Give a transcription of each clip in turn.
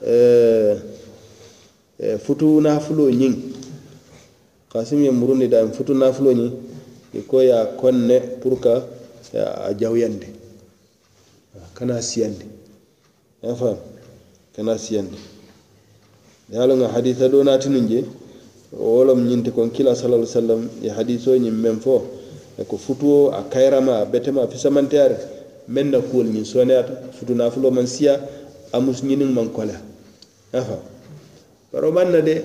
Eh, eh, futu nafulo ñiŋ kasimu ye muruni da futu nafulo ñiŋ i ko ye a konne pour ka a jawuyandi kana siyandi a faamu kana siyandi ye loŋ hadisa do naati nuŋ je wo lom ñinti kon kila salaa ai sallam ye hadiso ñiŋ meŋ fo ko futuo a kayirama a betema a fisamanteyaari meŋ na kuwolu ñiŋ soneyata futu nafulo maŋ siya a musu ñiniŋ maŋ koleya afa baro manna de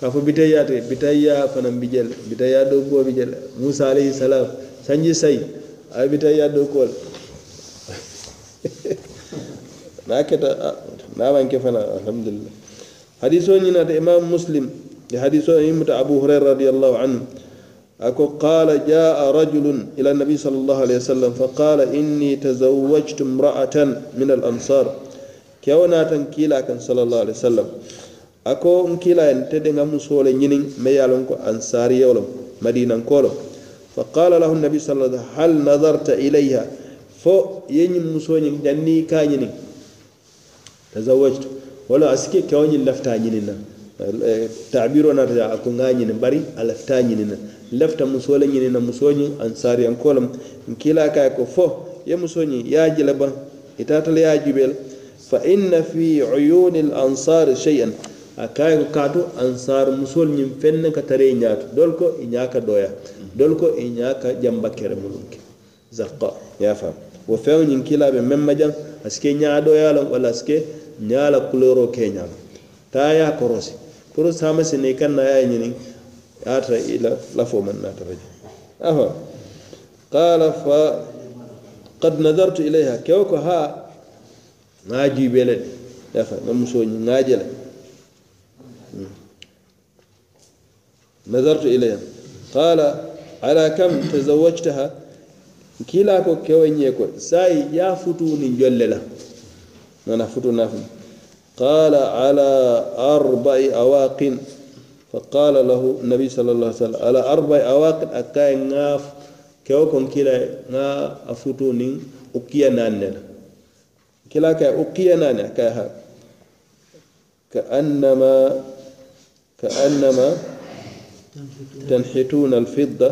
ka fo bitaya te bitaya fanan bijel bitaya do ko bijel musa alayhi salam sanji say a bitaya do ko na keta na ban ke fana alhamdulillah hadiso ni na da imam muslim ya hadiso ni muta abu hurairah radiyallahu anhu ako qala jaa rajulun ila nabi sallallahu alayhi wasallam fa qala inni tazawwajtu imra'atan min al ansar kewo tan kila kan sallallahu alaihi wasallam ako a kila en tede ngam musoo nyinin me yalon ko ansari lo madinan kolo fa qala lahu nabi alaihi wasallam hal nazarta ilayha fo ye musoni musoo janni ka nyinin tazawajtu wala a sike kewo ñiŋ na eh, tabiro naata a ko ŋa ñiniŋ bari a nyinin na lafta musoo nyinin na musoni ansari an lom n ka ko fo ye musoo ya ye a je le fa inna fi uyunil ansar shay'an akaye ko kaatu ansar musol ñiŋ feŋ ka tare i ñaatu dol ko i ñaa doya dol ko i ñaa ka jamba kere mulum zaqa ya fam wo feŋo ñiŋ kila be meŋ majaŋ a sike ñaa doya loŋ walla a sike ñaa la kuloroo ke ñaam taa ye korosi pour saama sene i kaŋ na ye ñiniŋ ye tara i la lafoo maŋ naata fa je afa qala fa qad nadartu ilayha kewo ha ngaajuy bele de defa na musoñi ngaajele hmm. nazartu ilayhim qala ala kam tazawajtaha kila ko kewañe ko sayi ya futuni jolle la nana futu nafu qala ala arba'i awaqin faqala lahu nabi sal llah sallam ala arba'i awaqin akkaye nga kewo kon kila nga a futu nin ukkiya nannela كلا كا uqiyana ne ka كأنما تنحتون الفضة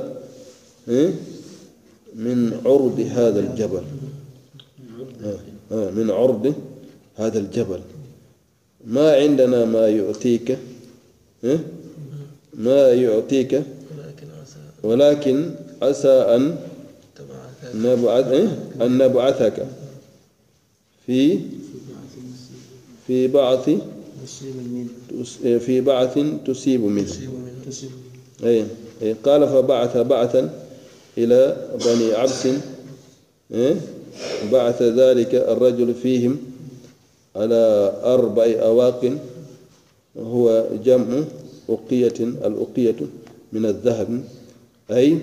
من عرض هذا الجبل من عرض هذا الجبل ما عندنا ما يعطيك ما يعطيك ولكن عسى أن نبعث أن نبعثك في في بعث في بعث تصيب منه أي أي قال فبعث بعثا إلى بني عبس بعث ذلك الرجل فيهم على أربع أواق هو جمع أقية الأقية من الذهب أي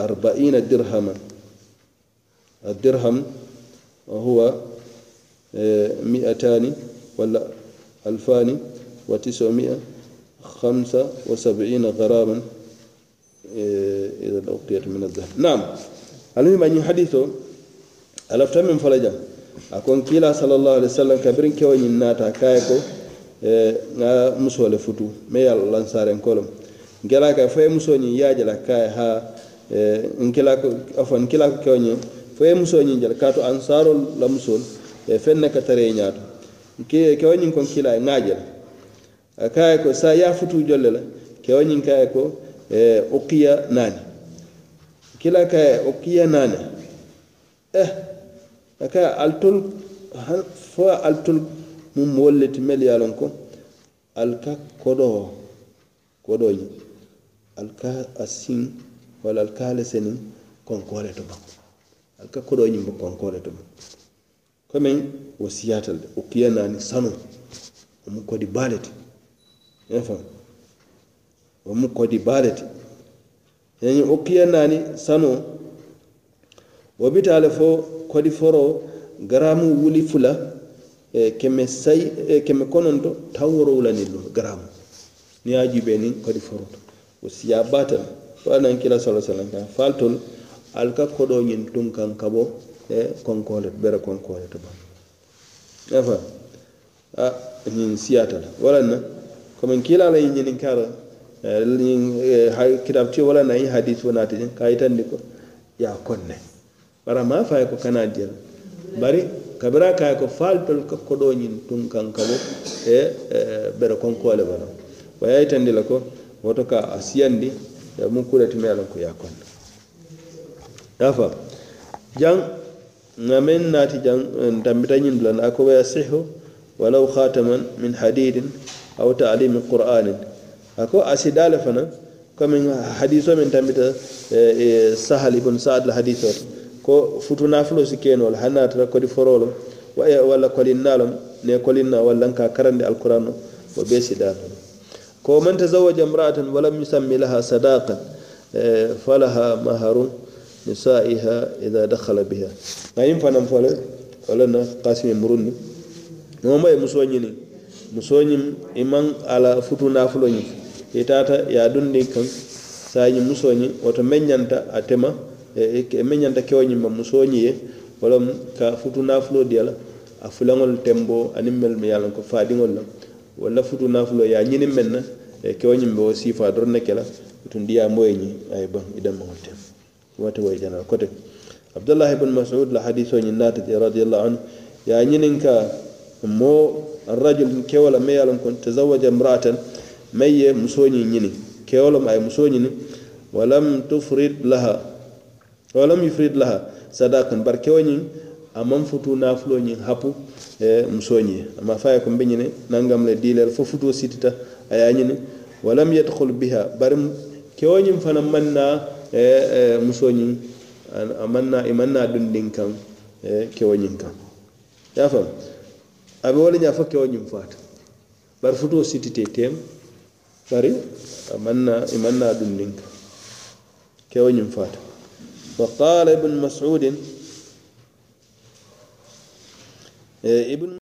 أربعين درهما الدرهم هو مئتان ولا ألفان وتسعمائة خمسة وسبعين غراما إيه، إذا أوقيت من الذهب نعم المهم أن حديثه ألفت من فلجا أكون كلا صلى الله عليه وسلم كبرين كوين ناتا كايكو إيه، نا مسوى لفتو futu لانسار انكولم lansaren كفاية مسوى ka fo ye muso ñiŋ yaajala kaye ha nkila afo nkila kewo ñiŋ e fenne ka tare e ñaato kewañin kon kila e ŋaaje la a kaye ko sa yaafutu jolle la kewañin kaye ko e okiya naani kila kaye okiya naani eh a kaye altol fo altol mum wolleti mel ye lon ko alka kodo kodo ñi alka asin wala alka lesenin konkole to ba alka kodo ñi bo konkole to ba femen wasiyatal de o kiyanani sano omu kodi balete en fam omu kodi balete ñañi o kiyanani sano wo bitale fo kodi foro garamu wuli fula e keme say e keme kononto taw woro wulani lum garamu ni a jiɓe ni kodi foro to wasiya batal fanan kila sala sallam faltol alka kodo ñin tun kan kabo e konkole bere konkole to ban afa a ñin siyatala walanna comme en kiilala i ñinin kara e, e, kitab ti wala na i hadis wonati ñin ka yitandi ko ya konne bara ma faye ko kana jel bari kabira kaye ko faltol ka kodo ñin tun kankabo e, e bere konkole bana waya yitandi la ko woto ka a siyandi mun kuleti melon ko ya konne afa jang ngamen naati jan dambitañin eh, dulan a koɓaya sihu walaw khataman min hadidin aw taalimi qur'anin ako asidale fana comme hadiso min tambita eh, eh, sahal ibn saad lhadiso ko futunafulo si kenol hanatata kodi forolo walla kolinnalom ne kolinna wallanka karandi alquran o o ɓe sidato ko man tazawaja imraatan walam yusammi laha sadaqan falaha maharu nisaiha idha biya biha ngayi fana fole wala na kasimi murunni moma ye muso ñini muso ñim iman ala futu nafulo ñi itata ya dundi kan sañi muso ñi woto meññanta a tema e meññanta kewo ñimma muso ñi ye ka futu nafulo diyala a fulaŋol tembo aniŋ mel mi ye a loŋ la walla futu nafulo ye a ñiniŋ meŋ na kewo ñimbe wo siifa doroŋ ne ke la tundi ye a moye ñi a ye baŋ tem wata wai jana kote abdullah ibn mas'ud la hadithu ni nata radiyallahu anhu ya nyinin ka mo arrajul kewala me yalan kon muratan imra'atan maye musoni nyini kewala may musoni ni walam tufrid laha walam yufrid laha sadaqan bar kewani amam futu naflo nyin hapu e musoni ama faya ko mbini ne nangam le dilal fo futu sitita aya nyini walam yadkhul biha bar kewani fanam manna E, e, musoñin amanna imanna dun din kan e, kewoñin kan ya fam abe wala ñafo kewoñin fata bari futo sitite tem bari amanna imanna dun din kan kewoñin fata wa qala ibn mas'udin ibn